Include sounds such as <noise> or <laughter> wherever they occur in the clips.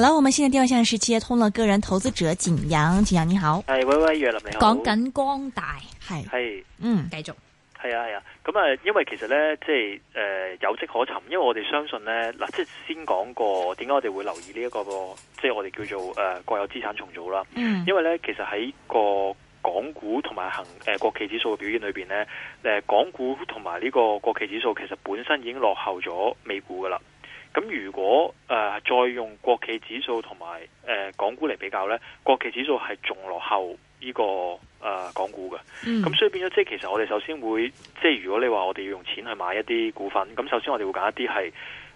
好啦，我們現在電話線是接通了。個人投資者景羊，景羊你好。係喂喂，若林你好。講緊光大系。係是。是嗯，繼續。係啊係啊，咁啊，因為其實咧，呃實呢呃、即係誒有跡可尋，因為我哋相信咧嗱，即、呃、係先講過點解我哋會留意呢一個個，即、就、係、是、我哋叫做誒、呃、國有資產重組啦。嗯。因為咧，其實喺個港股同埋行誒、呃、國企指數嘅表現裏邊咧，誒、呃、港股同埋呢個國企指數其實本身已經落後咗美股噶啦。咁如果誒、呃、再用國企指數同埋誒港股嚟比較，呢國企指數係仲落後呢、呢個誒、呃、港股嘅。咁、嗯、所以變咗，即係其實我哋首先會，即係如果你話我哋要用錢去買一啲股份，咁首先我哋會揀一啲係。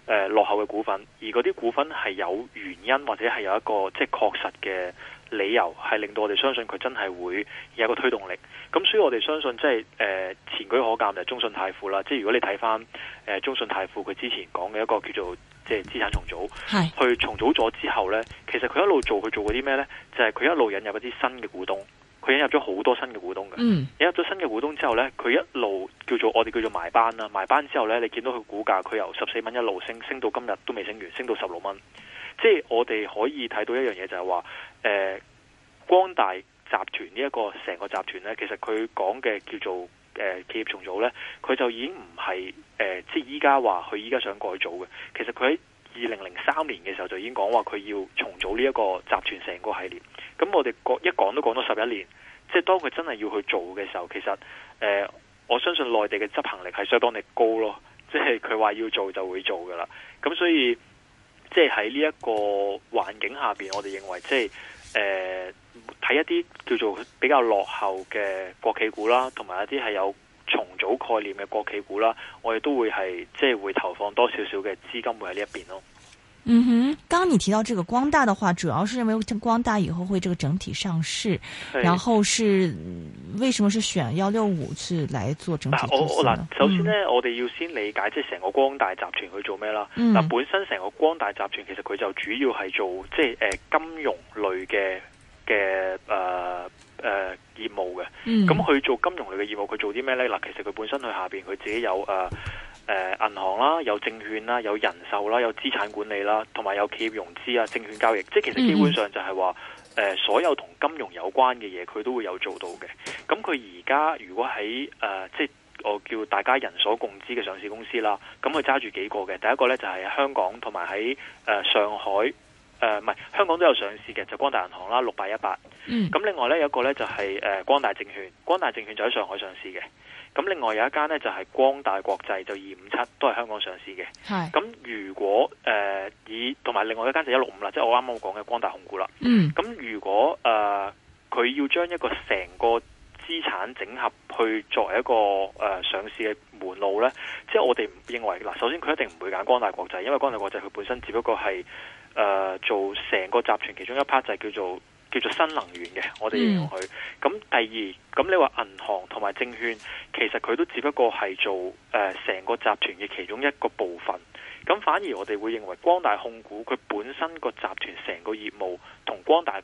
誒、呃，落後嘅股份，而嗰啲股份係有原因，或者係有一個即係確實嘅理由，係令到我哋相信佢真係會有一個推動力。咁所以我哋相信即係誒、呃、前車可鑑就係、是、中信泰富啦。即係如果你睇翻誒中信泰富佢之前講嘅一個叫做即係資產重組，係是去重組咗之後呢，其實佢一路做佢做嗰啲咩呢？就係、是、佢一路引入一啲新嘅股東。佢引入咗好多新嘅股東嘅，引入咗新嘅股東之後呢，佢一路叫做我哋叫做埋班啦，埋班之後呢，你見到佢股價佢由十四蚊一路升升到今日都未升完，升到十六蚊，即係我哋可以睇到一樣嘢就係話，誒、呃，光大集團呢一個成個集團呢，其實佢講嘅叫做誒、呃、企業重組呢，佢就已經唔係誒即係依家話佢依家想改組嘅，其實佢喺。二零零三年嘅時候就已經講話佢要重組呢一個集團成個系列，咁我哋講一講都講咗十一年，即係當佢真係要去做嘅時候，其實誒，我相信內地嘅執行力係相當地高咯，即係佢話要做就會做噶啦，咁所以即係喺呢一個環境下邊，我哋認為即係誒，睇一啲叫做比較落後嘅國企股啦，同埋一啲係有。有概念嘅國企股啦，我哋都會係即係會投放多少少嘅資金，會喺呢一邊咯。嗯哼，剛你提到這個光大的話，主要是認為光大以後會這個整體上市，是然後是為什麼是選幺六五去來做整體、啊啊、首先呢，嗯、我哋要先理解即係成個光大集團去做咩啦。嗱、啊，本身成個光大集團其實佢就主要係做即係、呃、金融類嘅嘅誒。誒，業務嘅，咁佢做金融類嘅業務，佢做啲咩呢？嗱，其實佢本身佢下邊佢自己有誒誒銀行啦，有證券啦，有人壽啦，有資產管理啦，同埋有企業融資啊，證券交易，即係其實基本上就係話，誒所有同金融有關嘅嘢，佢都會有做到嘅。咁佢而家如果喺誒，即係我叫大家人所共知嘅上市公司啦，咁佢揸住幾個嘅，第一個呢，就係香港同埋喺誒上海，誒唔係香港都有上市嘅，就光大銀行啦，六八一八。咁、嗯、另外咧有一個咧就係誒光大證券，光大證券就喺上海上市嘅。咁另外有一間咧就係光大國際，就二五七都係香港上市嘅。係咁是如果誒、呃、以同埋另外一間就一六五啦，即係我啱啱我講嘅光大控股啦。嗯。咁如果誒佢、呃、要將一個成個資產整合去作為一個誒、呃、上市嘅門路咧，即、就、係、是、我哋唔認為，嗱，首先佢一定唔會揀光大國際，因為光大國際佢本身只不過係誒、呃、做成個集團其中一 part 就係叫做。叫做新能源嘅，我哋形容佢。咁、mm. 第二，咁你話銀行同埋證券，其實佢都只不過係做誒成、呃、個集團嘅其中一個部分。咁反而我哋會認為光大控股佢本身個集團成個業務同光大，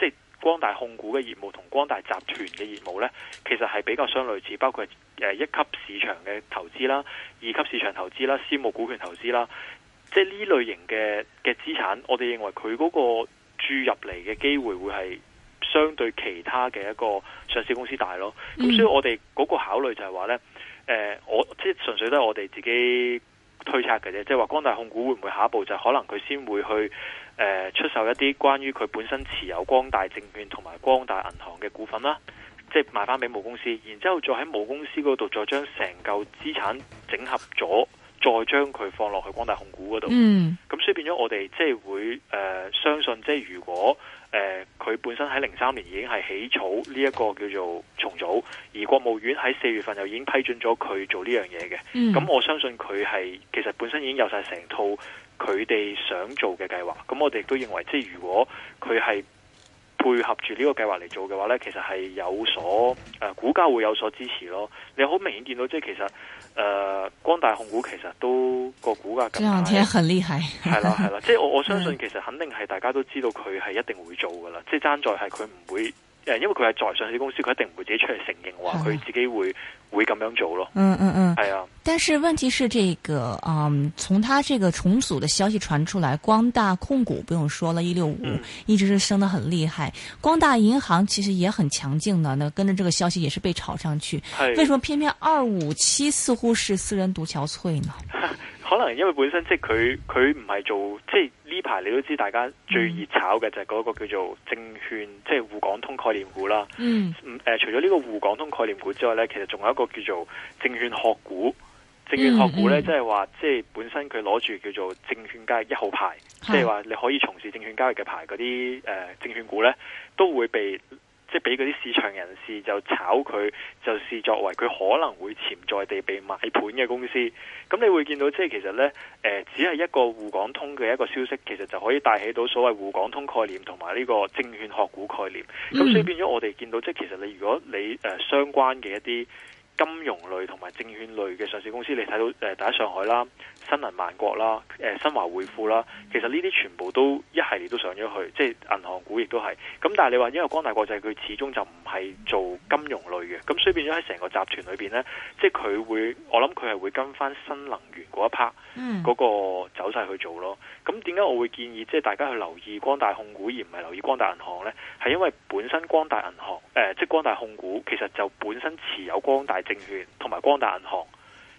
即係光大控股嘅業務同光大集團嘅業務咧，其實係比較相類似。包括誒一級市場嘅投資啦、二級市場投資啦、私募股權投資啦，即係呢類型嘅嘅資產，我哋認為佢嗰、那個。注入嚟嘅機會會係相對其他嘅一個上市公司大咯，咁所以我哋嗰個考慮就係話咧，誒、呃、我即係純粹都係我哋自己推測嘅啫，即係話光大控股會唔會下一步就可能佢先會去誒、呃、出售一啲關於佢本身持有光大證券同埋光大銀行嘅股份啦，即係賣翻俾母公司，然之後再喺母公司嗰度再將成嚿資產整合咗。再將佢放落去光大控股嗰度，咁、mm. 所以變咗我哋即係會誒、呃、相信，即係如果誒佢、呃、本身喺零三年已經係起草呢一個叫做重組，而國務院喺四月份又已經批准咗佢做呢樣嘢嘅，咁、mm. 我相信佢係其實本身已經有晒成套佢哋想做嘅計劃。咁我哋都認為，即係如果佢係配合住呢個計劃嚟做嘅話呢，其實係有所誒、呃、股價會有所支持咯。你好明顯見到，即係其實。誒、呃、光大控股其實都個股價咁近兩天很厲害，係啦係啦，即係我我相信其實肯定係大家都知道佢係一定會做噶啦，即係爭在係佢唔會。因為佢係在上市公司，佢一定唔會自己出嚟承認話佢自己會的會咁樣做咯。嗯嗯嗯，係、嗯、啊。嗯、是的但是問題是，這個，嗯，從他這個重組的消息傳出來，光大控股不用說了，一六五一直是升得很厲害。光大銀行其實也很強勁的，那跟着這個消息也是被炒上去。的為什麼偏偏二五七似乎是私人獨憔悴呢？ <laughs> 可能因為本身即係佢佢唔係做即係呢排你都知大家最熱炒嘅就係嗰個叫做證券，即係滬港通概念股啦。嗯，誒、呃、除咗呢個滬港通概念股之外咧，其實仲有一個叫做證券學股。證券學股咧、嗯嗯，即係話即係本身佢攞住叫做證券交易一號牌，即係話你可以從事證券交易嘅牌嗰啲誒證券股咧，都會被。即係俾嗰啲市場人士就炒佢，就視作為佢可能會潛在地被買盤嘅公司。咁你會見到，即係其實呢，誒、呃，只係一個滬港通嘅一個消息，其實就可以帶起到所謂滬港通概念同埋呢個證券學股概念。咁所以變咗，我哋見到，即係其實你如果你誒、呃、相關嘅一啲。金融類同埋證券類嘅上市公司，你睇到誒、大、呃、家上海啦、申銀萬國啦、誒、呃、新華匯富啦，其實呢啲全部都一系列都上咗去，即係銀行股亦都係，咁但係你話因為光大國際佢始終就唔係做金融類嘅，咁所以變咗喺成個集團裏邊咧，即係佢會，我諗佢係會跟翻新能源嗰一 part，嗰、嗰個走勢去做咯。咁點解我會建議即係大家去留意光大控股而唔係留意光大銀行咧？係因為本身光大銀行誒、呃、即係光大控股其實就本身持有光大。證券同埋光大銀行，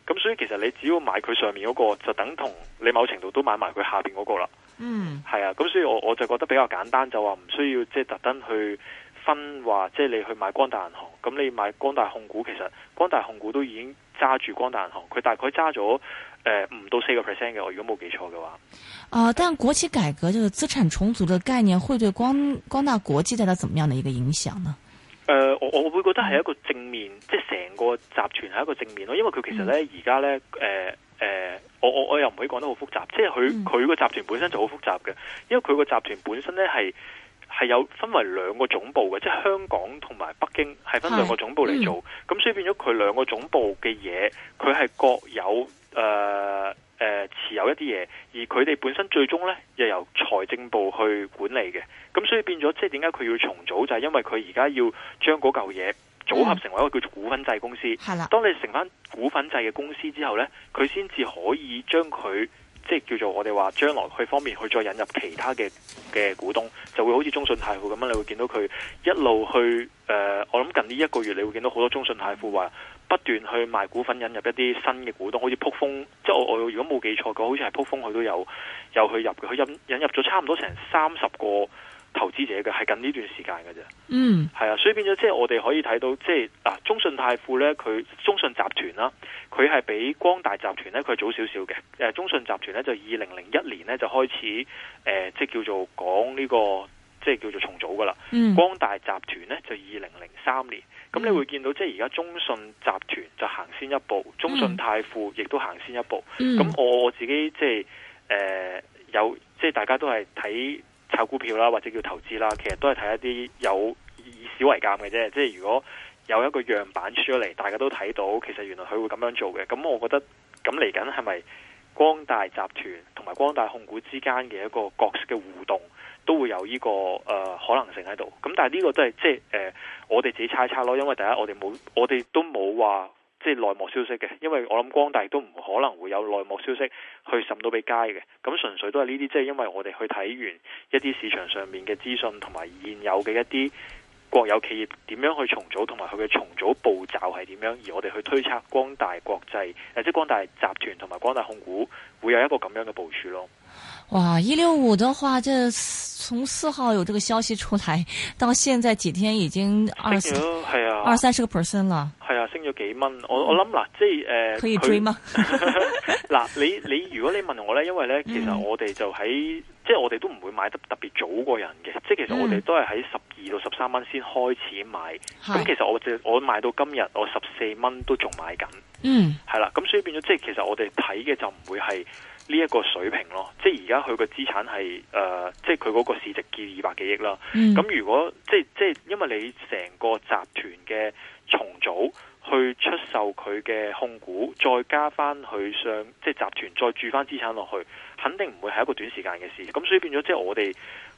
咁所以其實你只要買佢上面嗰個，就等同你某程度都買埋佢下邊嗰個啦。嗯，係啊，咁所以我我就覺得比較簡單，就話唔需要即係特登去分話，即係你去買光大銀行，咁你買光大控股，其實光大控股都已經揸住光大銀行，佢大概揸咗誒五到四個 percent 嘅。我如果冇記錯嘅話，啊，但國企改革就資產重組嘅概念會對光光大國際帶來怎麼樣的一個影響呢？誒、呃，我我會覺得係一個正面，即係成個集團係一個正面咯，因為佢其實咧而家咧，誒誒、嗯呃呃，我我我又唔可以講得好複雜，即係佢佢個集團本身就好複雜嘅，因為佢個集團本身咧係係有分為兩個總部嘅，即係香港同埋北京係分兩個總部嚟做，咁、嗯、所以變咗佢兩個總部嘅嘢，佢係各有誒。呃呃、持有一啲嘢，而佢哋本身最終咧，又由財政部去管理嘅。咁所以變咗，即係點解佢要重組？就係、是、因為佢而家要將嗰嚿嘢組合成為一個叫做股份制公司。嗯、當你成翻股份制嘅公司之後咧，佢先至可以將佢即係叫做我哋話將來去方面去再引入其他嘅嘅股東，就會好似中信泰富咁樣。你會見到佢一路去誒、呃，我諗近呢一個月你會見到好多中信泰富話。不斷去賣股份，引入一啲新嘅股東，好似卜蜂，即係我我如果冇記錯嘅，好似係卜蜂佢都有有去入嘅，佢引引入咗差唔多成三十個投資者嘅，係近呢段時間㗎啫。嗯，係啊，所以變咗即係我哋可以睇到，即係嗱、啊，中信泰富咧，佢中信集團啦、啊，佢係比光大集團咧，佢早少少嘅。誒、呃，中信集團咧就二零零一年咧就開始誒、呃，即係叫做講呢個即係叫做重組噶啦。嗯，光大集團咧就二零零三年。咁、嗯、你會見到，即係而家中信集團就行先一步，中信泰富亦都行先一步。咁、嗯、我自己即係誒、呃、有，即係大家都係睇炒股票啦，或者叫投資啦，其實都係睇一啲有以小為鑑嘅啫。即係如果有一個樣板出咗嚟，大家都睇到，其實原來佢會咁樣做嘅。咁我覺得咁嚟緊係咪？光大集團同埋光大控股之間嘅一個角色嘅互動，都會有呢個誒可能性喺度。咁但係呢個都係即係誒，我哋自己猜猜咯。因為第一，我哋冇，我哋都冇話即係內幕消息嘅。因為我諗光大都唔可能會有內幕消息去滲到俾街嘅。咁純粹都係呢啲，即係因為我哋去睇完一啲市場上面嘅資訊同埋現有嘅一啲。國有企業點樣去重組，同埋佢嘅重組步驟係點樣，而我哋去推測光大國際，誒即係光大集團同埋光大控股會有一個咁樣嘅部署咯。哇，一六五的話，這從四號有這個消息出來到現在幾天，已經二二三十個 percent 啦。係啊，啊，升咗幾蚊。我、嗯、我諗嗱，即係誒，呃、可以追嗎？嗱，你你如果你問我咧，因為咧，其實我哋就喺即係我哋都唔會買得特別早過人嘅，即係其實我哋都係喺十二到十三蚊先開始買。咁、嗯嗯、其實我我買到今日我十四蚊都仲買緊。嗯，係啦、嗯，咁所以變咗即係其實我哋睇嘅就唔會係。呢一個水平咯，即係而家佢個資產係誒、呃，即係佢嗰個市值見二百幾億啦。咁、mm. 如果即係即係，因為你成個集團嘅重組，去出售佢嘅控股，再加翻去上即係集團再注翻資產落去，肯定唔會係一個短時間嘅事。咁、嗯、所以變咗即係我哋。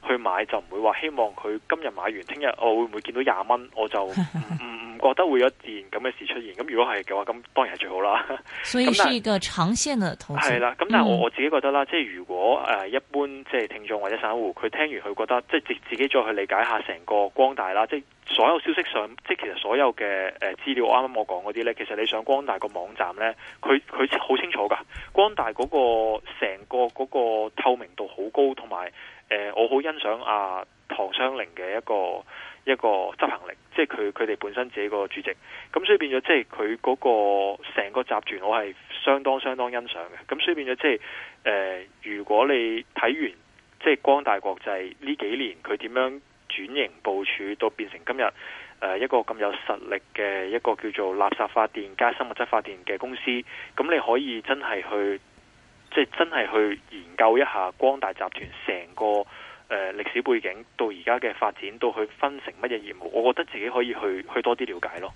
去買就唔會話希望佢今日買完，聽日我會唔會見到廿蚊？我就唔唔 <laughs> 覺得會有一件咁嘅事出現。咁如果係嘅話，咁當然係最好啦。 <laughs> 是所以是一個長線嘅投資。係啦，咁但係我我自己覺得啦，即係如果誒一般即係聽眾或者散戶，佢聽完佢覺得即係自己再去理解下成個光大啦，即係所有消息上，即係其實所有嘅誒資料，啱啱我講嗰啲咧，其實你上光大個網站咧，佢佢好清楚噶。光大嗰個成個嗰個透明度好高，同埋。誒、呃，我好欣賞阿、啊、唐雙寧嘅一個一個執行力，即係佢佢哋本身自己個主席，咁所以變咗即係佢嗰個成個集團，我係相當相當欣賞嘅。咁所以變咗即係誒、呃，如果你睇完即係光大國際呢幾年佢點樣轉型部署，到變成今日誒、呃、一個咁有實力嘅一個叫做垃圾發電加生物質發電嘅公司，咁你可以真係去。即係真係去研究一下光大集團成個誒歷史背景，到而家嘅發展，到去分成乜嘢業務，我覺得自己可以去去多啲了解咯。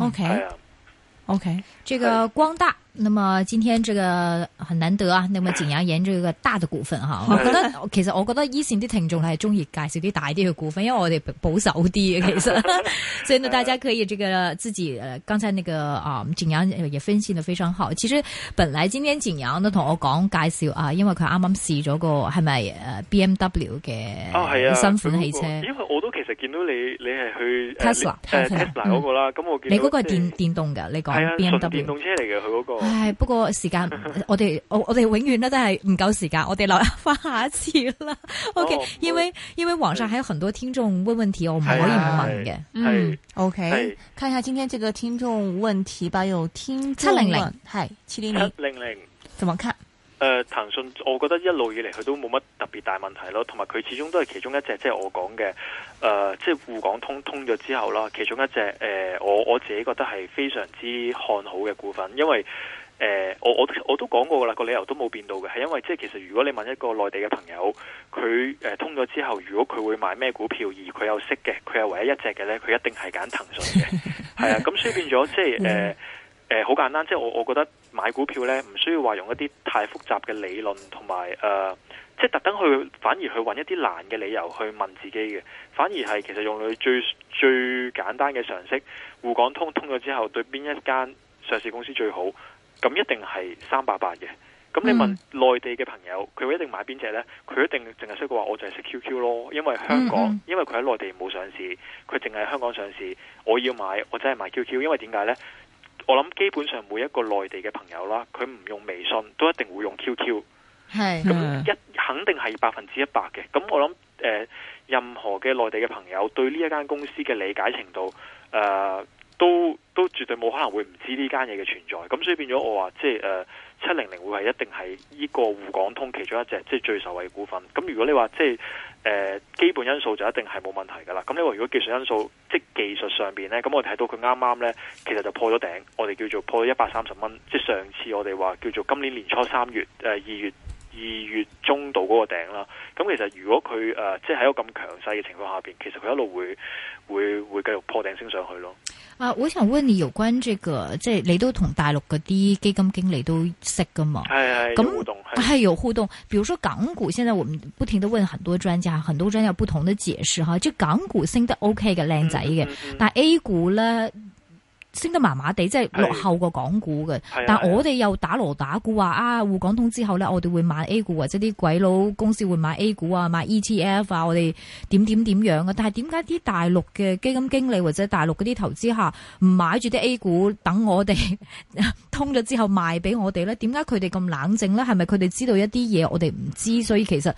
OK. 係啊。OK，這個光大，是那麼今天這個很難得啊，那麼景羊演這個大的股份哈，啊， <laughs> 我覺得其實我覺得以前啲聽眾係中意介紹啲大啲嘅股份，因為我哋保守啲嘅其實， <laughs> 所以呢大家可以這個自己剛才那個啊景羊也分析得非常好。其實本來今天景羊都同我講介紹啊，因為佢啱啱試咗個係咪誒 BMW 嘅啊系啊新款汽車，哦啊，因為我都。其實見到你，你係去 Tesla，Tesla 嗰個啦。咁我見到你嗰個係電電動嘅，你講係啊，純電動車嚟嘅佢嗰個。唉不過時間，我哋我我哋永遠咧都係唔夠時間，我哋留翻下一次啦。OK，因為因為網上還有很多聽眾問問題，我唔可以唔問嘅。嗯，OK，看下今天這個聽眾問題吧。有聽眾問七零零，係七零零，七零零，怎麼看？誒、uh，騰訊，我覺得一路以嚟佢都冇乜特別大問題咯，同埋佢始終都係其中一隻，即、就、係、是、我講嘅誒，即、呃、係、就是、滬港通通咗之後啦，其中一隻誒、呃，我我自己覺得係非常之看好嘅股份，因為誒、呃，我我都我都講過噶啦，個理由都冇變到嘅，係因為即係其實如果你問一個內地嘅朋友，佢誒、呃、通咗之後，如果佢會買咩股票，而佢有識嘅，佢係唯一一隻嘅咧，佢一定係揀騰訊嘅，係啊， <laughs> 咁、嗯、所以變咗即係誒。呃誒，好、呃、簡單，即係我我覺得買股票呢，唔需要話用一啲太複雜嘅理論，同埋誒，即係特登去反而去搵一啲難嘅理由去問自己嘅，反而係其實用你最最簡單嘅常識，滬港通通咗之後，對邊一間上市公司最好，咁一定係三八八嘅。咁你問內地嘅朋友，佢一定買邊隻呢？佢一定淨係識嘅話，我就係識 QQ 咯。因為香港，嗯、哼因為佢喺內地冇上市，佢淨係香港上市。我要買，我真係買 QQ，因為點解呢？」我諗基本上每一個內地嘅朋友啦，佢唔用微信都一定會用 QQ，係咁一肯定係百分之一百嘅。咁我諗誒、呃，任何嘅內地嘅朋友對呢一間公司嘅理解程度誒。呃都都絕對冇可能會唔知呢間嘢嘅存在，咁所以變咗我話，即係誒七零零會係一定係呢個滬港通其中一隻，即係最受惠股份。咁如果你話即係誒基本因素就一定係冇問題噶啦。咁你話如果技術因素，即係技術上邊咧，咁我睇到佢啱啱咧，其實就破咗頂，我哋叫做破咗一百三十蚊，即係上次我哋話叫做今年年初三月誒二月、二月中度嗰個頂啦。咁其實如果佢誒即係喺一個咁強勢嘅情況下邊，其實佢一路會會會繼續破頂升上去咯。啊，我想問你有關這個，即係你都同大陸嗰啲基金經理都識噶嘛？係係、哎呀，咁係、嗯、有互動。嗯、互動比如說港股，現在我們不停的問很多專家，很多專家有不同的解釋哈。就港股升得 OK 嘅靚仔嘅，嗯嗯嗯、但 A 股咧。升得麻麻地，即係落後過港股嘅。是但我哋又打鑼打鼓話啊，滬港通之後呢，我哋會買 A 股或者啲鬼佬公司會買 A 股啊，買 ETF 啊，我哋點點點樣啊。」但係點解啲大陸嘅基金經理或者大陸嗰啲投資客唔買住啲 A 股，等我哋 <laughs> 通咗之後賣俾我哋呢？點解佢哋咁冷靜呢？係咪佢哋知道一啲嘢我哋唔知？所以其實。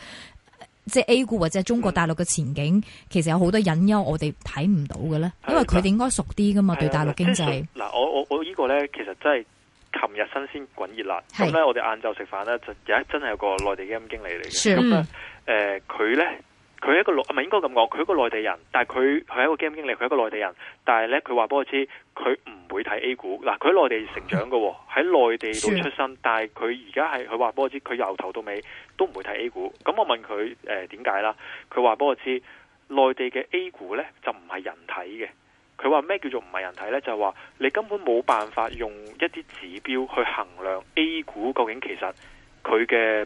即係 A 股，或者中國大陸嘅前景，嗯、其實有好多隱憂，我哋睇唔到嘅咧，因為佢哋應該熟啲㗎嘛，對大陸經濟。嗱，我我我、這個、呢個咧，其實真係琴日新鮮滾熱辣。咁咧是，我哋晏晝食飯咧，就真有一真係個內地基金經理嚟嘅。咁啊、嗯，誒，佢、呃、咧。佢一個內，唔係應該咁講，佢一個內地人，但係佢佢係一個 game 經理，佢一個內地人，但係呢，佢話俾我知，佢唔會睇 A 股嗱，佢、啊、喺內地成長嘅喎，喺內地度出生，但係佢而家係佢話俾我知，佢由頭到尾都唔會睇 A 股。咁我問佢誒點解啦？佢話俾我知，內地嘅 A 股呢就唔係人睇嘅。佢話咩叫做唔係人睇呢？就係、是、話你根本冇辦法用一啲指標去衡量 A 股究竟其實佢嘅。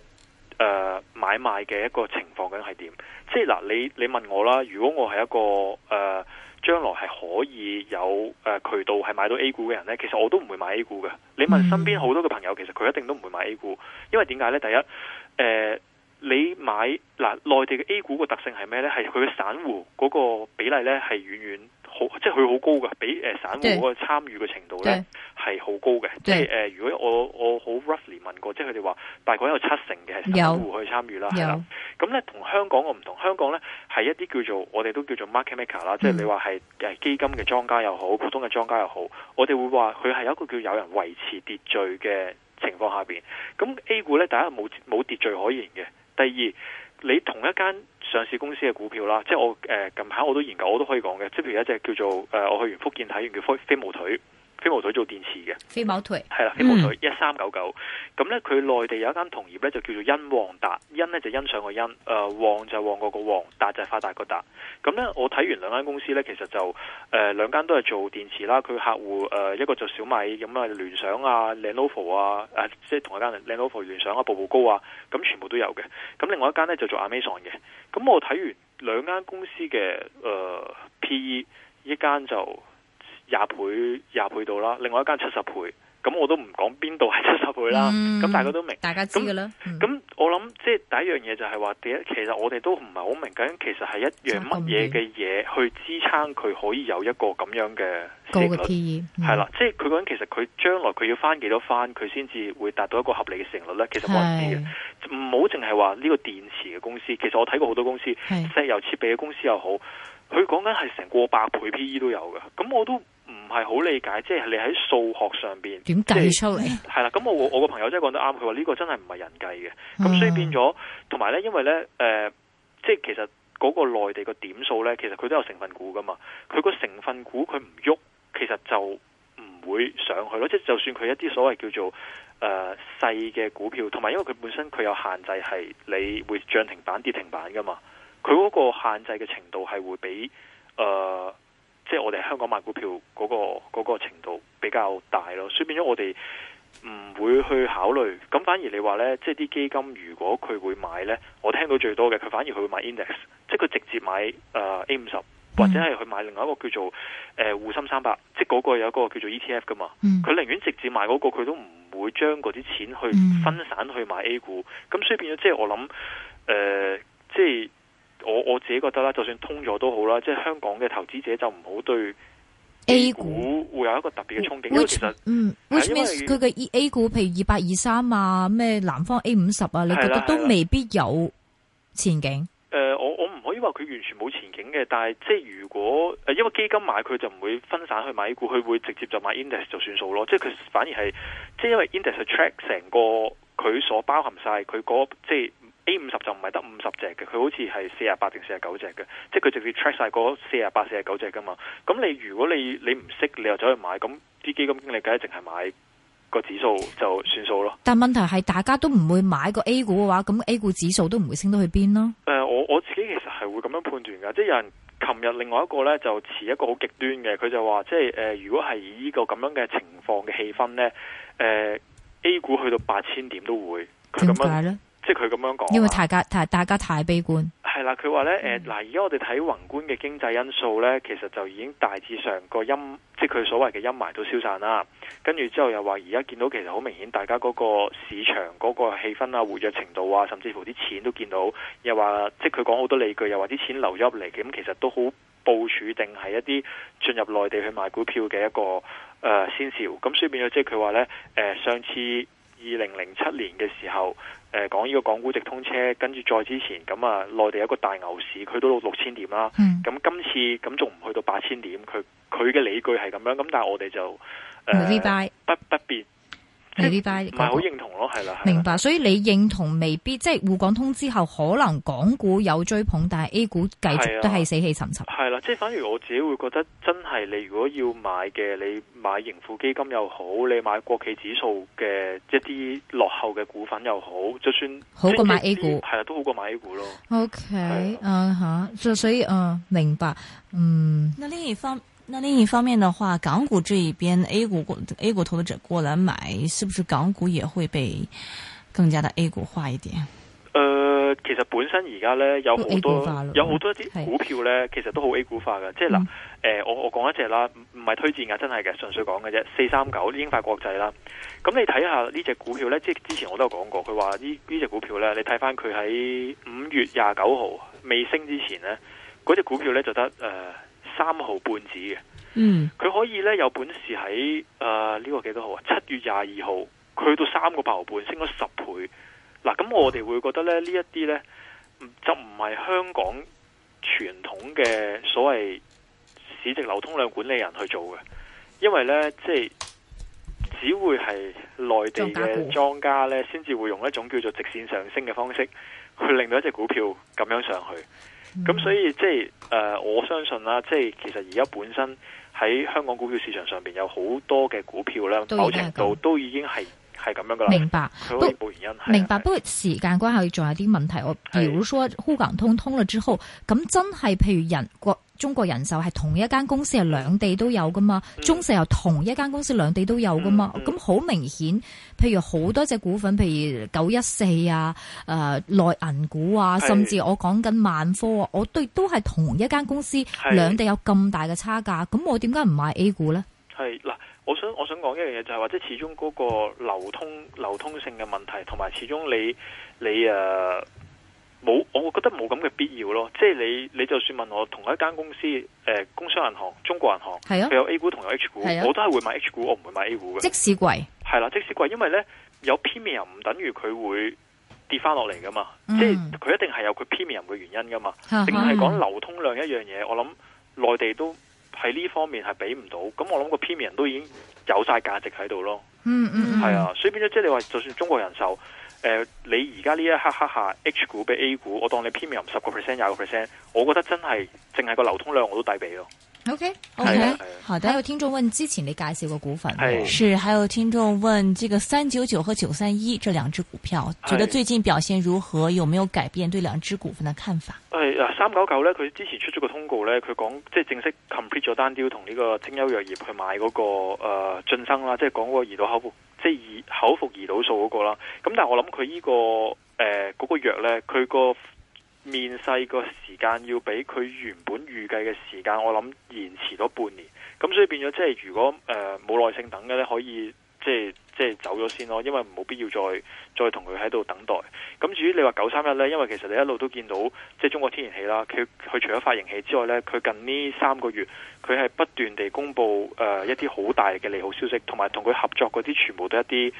誒、呃，買賣嘅一個情況究竟係點？即係嗱，你你問我啦，如果我係一個誒將、呃、來係可以有誒、呃、渠道係買到 A 股嘅人呢，其實我都唔會買 A 股嘅。你問身邊好多個朋友，其實佢一定都唔會買 A 股，因為點解呢？第一，誒、呃，你買嗱內地嘅 A 股個特性係咩呢？係佢嘅散戶嗰個比例呢，係遠遠好，即係佢好高噶，比誒散戶個參與嘅程度呢。就是就是係好高嘅，即係誒，如果我我好 roughly 問過，即係佢哋話大概有七成嘅散戶去參與啦，係啦有。咁咧同香港我唔同，香港咧係一啲叫做我哋都叫做 market maker 啦，即係你話係誒基金嘅莊家又好，普通嘅莊家又好，我哋會話佢係有一個叫有人維持秩序嘅情況下邊。咁 A 股咧，第一冇冇秩序可言嘅，第二你同一間上市公司嘅股票啦，即係我誒近排我都研究，我都可以講嘅，即係譬如一隻叫做誒、呃、我去完福建睇完叫飛飛毛腿。飛毛腿做電池嘅，飛毛腿係啦，飛毛腿一三九九，咁咧佢內地有一間同業咧就叫做欣旺達，欣咧就欣上個欣，誒、呃、旺就旺國個旺，達就發達個達，咁咧我睇完兩間公司咧，其實就誒兩間都係做電池啦，佢客戶誒、呃、一個做小米咁啊，聯想啊，Lenovo 啊，誒即係同一間 Lenovo 聯想啊，步步高啊，咁全部都有嘅，咁另外一間咧就做 Amazon 嘅，咁我睇完兩間公司嘅誒 PE，一間就。廿倍廿倍到啦，另外一間七十倍，咁我都唔講邊度係七十倍啦。咁、嗯、大家都明，大家知嘅啦。咁那、嗯、我諗，即、就、係、是、第一樣嘢就係話，第一，其實我哋都唔係好明究竟其實係一樣乜嘢嘅嘢去支撐佢可以有一個咁樣嘅市盈率，係啦、嗯。即係佢講緊，就是、其實佢將來佢要翻幾多翻，佢先至會達到一個合理嘅市盈率咧？其實冇人知嘅，唔好淨係話呢個電池嘅公司。其實我睇過好多公司，是石油設備嘅公司又好，佢講緊係成過百倍 PE 都有嘅。咁我都。唔係好理解，即係你喺數學上邊點計出嚟？係啦，咁我我我個朋友真係講得啱，佢話呢個真係唔係人計嘅。咁、嗯、所以變咗同埋呢，因為呢，誒、呃，即係其實嗰個內地個點數呢，其實佢都有成分股㗎嘛。佢個成分股佢唔喐，其實就唔會上去咯。即係就算佢一啲所謂叫做誒細嘅股票，同埋因為佢本身佢有限制係，你會漲停板跌停板㗎嘛。佢嗰個限制嘅程度係會比誒。呃即係我哋香港買股票嗰、嗰個、嗰個程度比較大咯，所以變咗我哋唔會去考慮。咁反而你話咧，即係啲基金如果佢會買咧，我聽到最多嘅，佢反而會買 index，即係佢直接買誒、呃、A 五十，或者係去買另外一個叫做誒滬深三百，呃、300, 即係嗰個有一個叫做 ETF 噶嘛。佢寧願直接買嗰、嗰個，佢都唔會將嗰啲錢去分散去買 A 股。咁所以變咗，即係我諗誒、呃，即係。我我自己覺得啦，就算通咗都好啦，即係香港嘅投資者就唔好對 A 股會有一個特別嘅憧憬。股因為其實嗯，因為佢嘅 A 股，譬如二八二三啊，咩南方 A 五十啊，你覺得都未必有前景。誒、呃，我我唔可以話佢完全冇前景嘅，但係即係如果誒、呃，因為基金買佢就唔會分散去買 A 股，佢會直接就買 index 就算數咯。即係佢反而係即係因為 index track 成個佢所包含晒佢嗰即係。A 五十就唔係得五十隻嘅，佢好似係四廿八定四廿九隻嘅，即係佢直接 track 晒嗰四廿八四廿九隻噶嘛。咁你如果你你唔識，你又走去買，咁啲基金經理梗係淨係買個指數就算數咯。但係問題係大家都唔會買個 A 股嘅話，咁 A 股指數都唔會升到去邊咯。誒、呃，我我自己其實係會咁樣判斷噶，即係有人琴日另外一個咧就持一個好極端嘅，佢就話即係誒、呃，如果係呢個咁樣嘅情況嘅氣氛咧，誒、呃、，A 股去到八千點都會。佢咁樣。點解咧？即佢咁樣講，因為大家太大，大家太悲觀。係啦，佢話咧，誒、嗯，嗱，而家我哋睇宏觀嘅經濟因素咧，其實就已經大致上個陰，即佢所謂嘅陰霾都消散啦。跟住之後又話，而家見到其實好明顯，大家嗰個市場嗰個氣氛啊，活躍程度啊，甚至乎啲錢都見到，又話，即佢講好多理據，又話啲錢流入嚟嘅，咁其實都好部署定係一啲進入內地去買股票嘅一個誒、呃、先兆。咁所以變咗，即佢話咧，誒，上次。二零零七年嘅時候，誒講呢個港股直通車，跟住再之前，咁啊內地有一個大牛市，去到六千點啦。咁、嗯、今次咁仲唔去到八千點？佢佢嘅理據係咁樣，咁但係我哋就誒、呃嗯、不不變。唔係好認同咯，係啦。明白，所以你認同未必，即係滬港通之後，可能港股有追捧，但係 A 股繼續都係死氣沉沉。係啦、啊啊，即係反而我自己會覺得，真係你如果要買嘅，你買盈富基金又好，你買國企指數嘅一啲落後嘅股份又好，就算好過買 A 股，係啊，都好過買 A 股咯。OK，啊嚇，uh、huh，所以啊，uh，明白，嗯。那另一方。那另一方面嘅話，港股這一邊 A 股 A 股, A 股投資者過來買，是不是港股也會被更加的 A 股化一點？誒、呃，其實本身而家呢，有好多有好多啲股票呢，的其實都好 A 股化嘅。即係嗱，誒、嗯呃，我我講一隻啦，唔唔係推薦㗎，真係嘅，純粹講嘅啫。四三九，英法國際啦，咁、嗯嗯、你睇下呢隻股票呢，即係之前我都有講過，佢話呢呢隻股票呢，你睇翻佢喺五月廿九號未升之前呢，嗰隻股票呢就得誒。三毫半紙嘅，嗯，佢可以呢，有本事喺誒呢個幾多號啊？七月廿二號，去到三個八毫半，升咗十倍。嗱，咁我哋會覺得咧呢一啲呢，就唔係香港傳統嘅所謂市值流通量管理人去做嘅。因為呢，即係只會係內地嘅莊家呢，先至會用一種叫做直線上升嘅方式去令到一隻股票咁樣上去。咁、嗯、所以即係誒，我相信啦，即係其實而家本身喺香港股票市場上邊有好多嘅股票咧，某程度都已經係。係咁樣噶，明白明白，不過時間關係，仲有啲問題。我，比如說，滬港通通了之後，咁真係，譬如人國中國人壽係同一間公司，係兩地都有噶嘛？中石油同一間公司兩地都有噶嘛？咁好明顯，譬如好多隻股份，譬如九一四啊，誒內銀股啊，甚至我講緊萬科啊，我對都係同一間公司，兩地有咁大嘅差價，咁我點解唔買 A 股呢？係嗱。我想我想講一樣嘢，就係或者始終嗰個流通流通性嘅問題，同埋始終你你誒冇、啊，我覺得冇咁嘅必要咯。即係你你就算問我同一間公司，誒、呃、工商銀行、中國銀行，佢、啊、有 A 股同有 H 股，啊、我都係會買 H 股，我唔會買 A 股嘅、啊。即使貴係啦，即使貴，因為咧有 premium 又唔等於佢會跌翻落嚟噶嘛，嗯、即係佢一定係有佢 premium 嘅原因噶嘛。淨係講流通量一樣嘢，我諗內地都。喺呢方面係俾唔到，咁我諗個偏民人都已經有晒價值喺度咯。嗯嗯，係啊、嗯，所以變咗即係你話，就算中國人壽，誒、呃，你而家呢一刻刻下 H 股比 A 股，我當你偏 m 十個 percent 廿個 percent，我覺得真係淨係個流通量我都大比咯。O K O K，好等、嗯，還有聽眾問之前你介紹嘅股份，是還有聽眾問，這個三九九和九三一這兩隻股票，嗯、覺得最近表現如何？有沒有改變對兩隻股份的看法？嗯三九九呢，佢之前出咗個通告呢，佢講即係正式 complete 咗單調同呢個精優藥業去買嗰、那個誒、呃、晉生啦，即係講嗰個胰島口服，即係胰口服胰島素嗰個啦。咁但係我諗佢呢個誒嗰、呃那個藥咧，佢個面世個時間要比佢原本預計嘅時間，我諗延遲咗半年。咁所以變咗即係如果誒冇、呃、耐性等嘅呢，可以即係。即係走咗先咯，因為冇必要再再同佢喺度等待。咁至於你話九三一呢，因為其實你一路都見到，即係中國天然氣啦，佢佢除咗發型氣之外呢，佢近呢三個月佢係不斷地公布誒、呃、一啲好大嘅利好消息，同埋同佢合作嗰啲全部都一啲，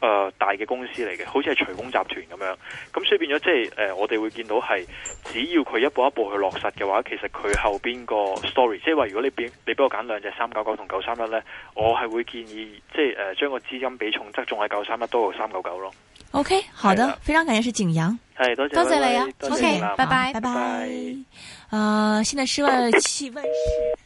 誒、呃，大嘅公司嚟嘅，好似係徐工集團咁樣，咁、嗯、所以變咗即係誒、呃，我哋會見到係，只要佢一步一步去落實嘅話，其實佢後邊個 story，即係話如果你畀，你畀我揀兩隻三九九同九三一咧，我係會建議即係誒，將、呃、個資金比重側仲喺九三一多過三九九咯。OK，好的，啊、非常感謝，是景羊，係多謝你，多謝你，OK，拜拜，拜拜謝，啊，現在十萬七萬十。 <laughs> <laughs>